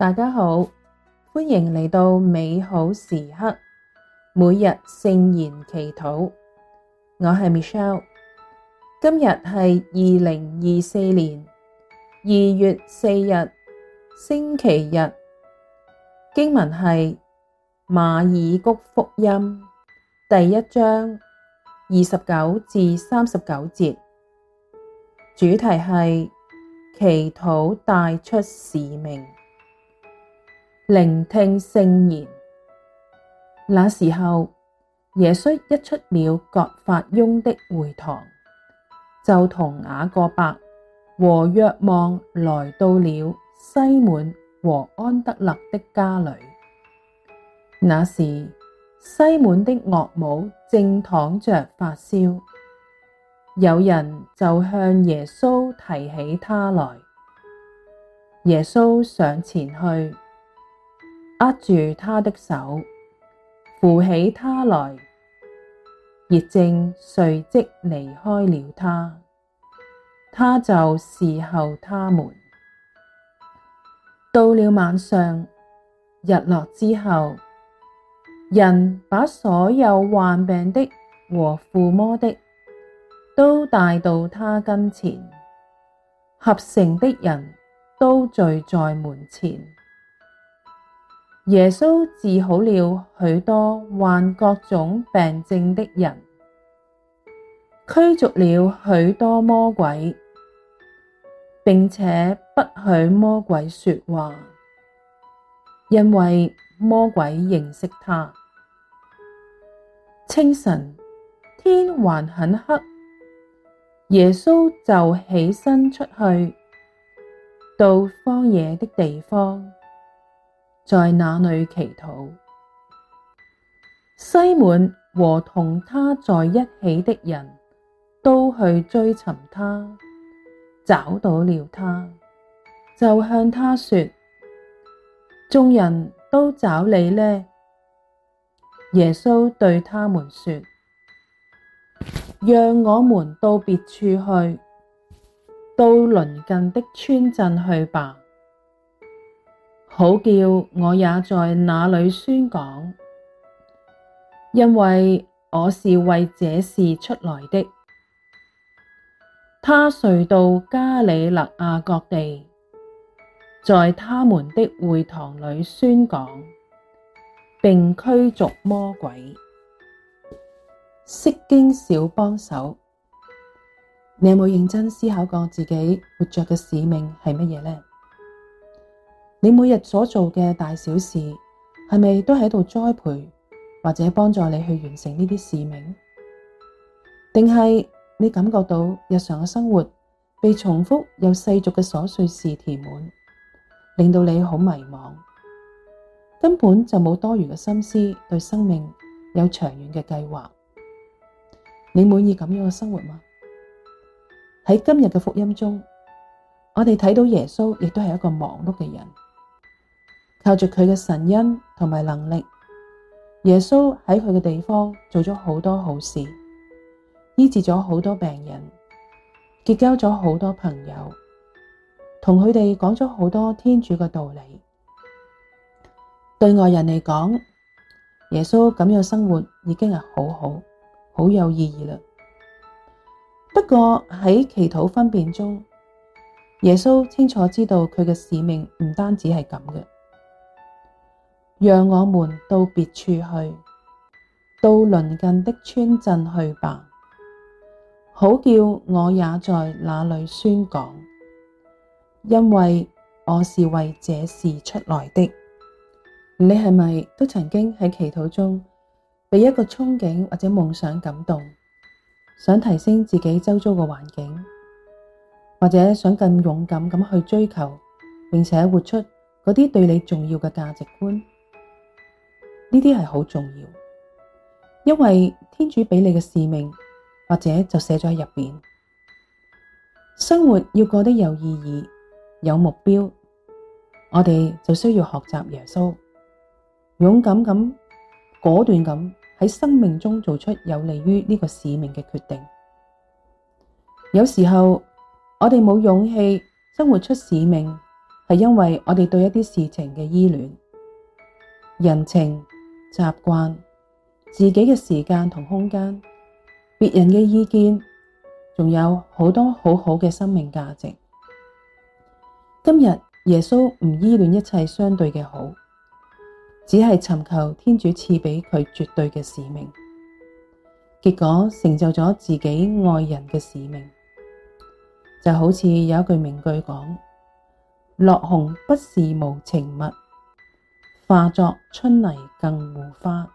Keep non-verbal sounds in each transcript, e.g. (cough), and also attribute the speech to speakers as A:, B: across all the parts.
A: 大家好，歡迎嚟到美好時刻，每日聖言祈禱。我係 Michelle，今日係二零二四年二月四日星期日。經文係馬爾谷福音第一章二十九至三十九節，主題係祈禱帶出使命。聆聽聖言。那時候，耶穌一出了葛法翁的會堂，就同雅各伯和若望來到了西滿和安德肋的家裏。那時，西滿的岳母正躺着發燒，有人就向耶穌提起她來。耶穌上前去。握住他的手，扶起他來，熱症隨即離開了他。他就侍候他們。到了晚上，日落之後，人把所有患病的和附魔的都帶到他跟前，合城的人都聚在門前。耶穌治好了許多患各種病症的人，驅逐了許多魔鬼，並且不許魔鬼說話，因為魔鬼認識他。清晨，天還很黑，耶穌就起身出去，到荒野的地方。在那裏祈禱。西滿和同他在一起的人都去追尋他，找到了他，就向他說：眾人都找你呢！耶穌對他們說：讓我們到別處去，到鄰近的村鎮去吧。好叫我也在那裏宣講，因為我是為這事出來的。他遂到加里肋亞各地，在他們的會堂裏宣講，並驅逐魔鬼。釋經小幫手，你有冇認真思考過自己活着嘅使命係乜嘢呢？你每日所做的大小事，靠着佢嘅神恩同埋能力，耶穌喺佢嘅地方做咗好多好事，醫治咗好多病人，結交咗好多朋友，同佢哋講咗好多天主嘅道理。對外人嚟講，耶穌咁樣嘅生活已經係好好、好有意義啦。不過喺祈禱分辨中，耶穌清楚知道佢嘅使命唔單止係咁嘅。讓我們到別處去，到鄰近的村鎮去吧，好叫我也在那裏宣講，因為我是為這事出來的。你係咪都曾經喺祈禱中，被一個憧憬或者夢想感動，想提升自己周遭嘅環境，或者想更勇敢咁去追求，並且活出嗰啲對你重要嘅價值觀？呢啲係好重要，因為天主畀你嘅使命，或者就寫咗喺入邊。生活要過得有意義、有目標，我哋就需要學習耶穌，勇敢咁、果斷咁喺生命中做出有利於呢個使命嘅決定。有時候我哋冇勇氣生活出使命，係因為我哋對一啲事情嘅依戀、人情。習慣自己嘅時間同空間，別人嘅意見，仲有好多好好嘅生命價值。今日耶穌唔依戀一切相對嘅好，只係尋求天主賜俾佢絕對嘅使命，結果成就咗自己愛人嘅使命。就好似有一句名句講：落紅不是無情物。化作春泥更護花，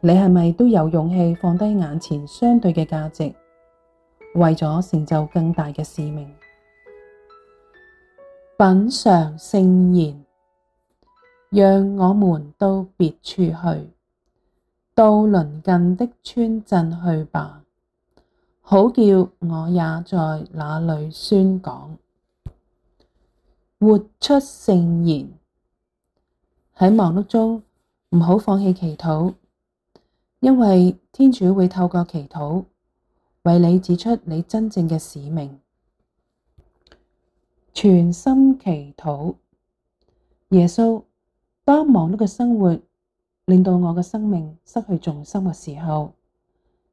A: 你係咪都有勇氣放低眼前相對嘅價值，為咗成就更大嘅使命？品嘗聖言，讓我們到別處去，到鄰近的村鎮去吧，好叫我也在那裏宣講，活出聖言。喺忙碌中唔好放棄祈禱，因為天主會透過祈禱為你指出你真正嘅使命。全心祈禱，耶穌，當忙碌嘅生活令到我嘅生命失去重心嘅時候，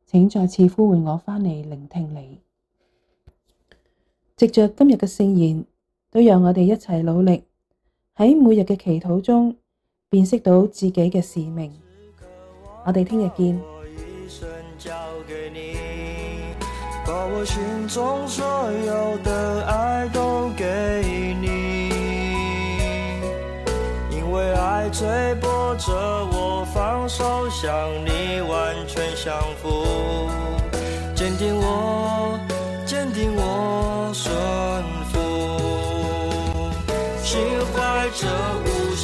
A: 請再次呼喚我返嚟聆聽你。藉着今日嘅聖言，都讓我哋一齊努力喺每日嘅祈禱中，辨識到自己嘅使命，我哋聽日見。 (music)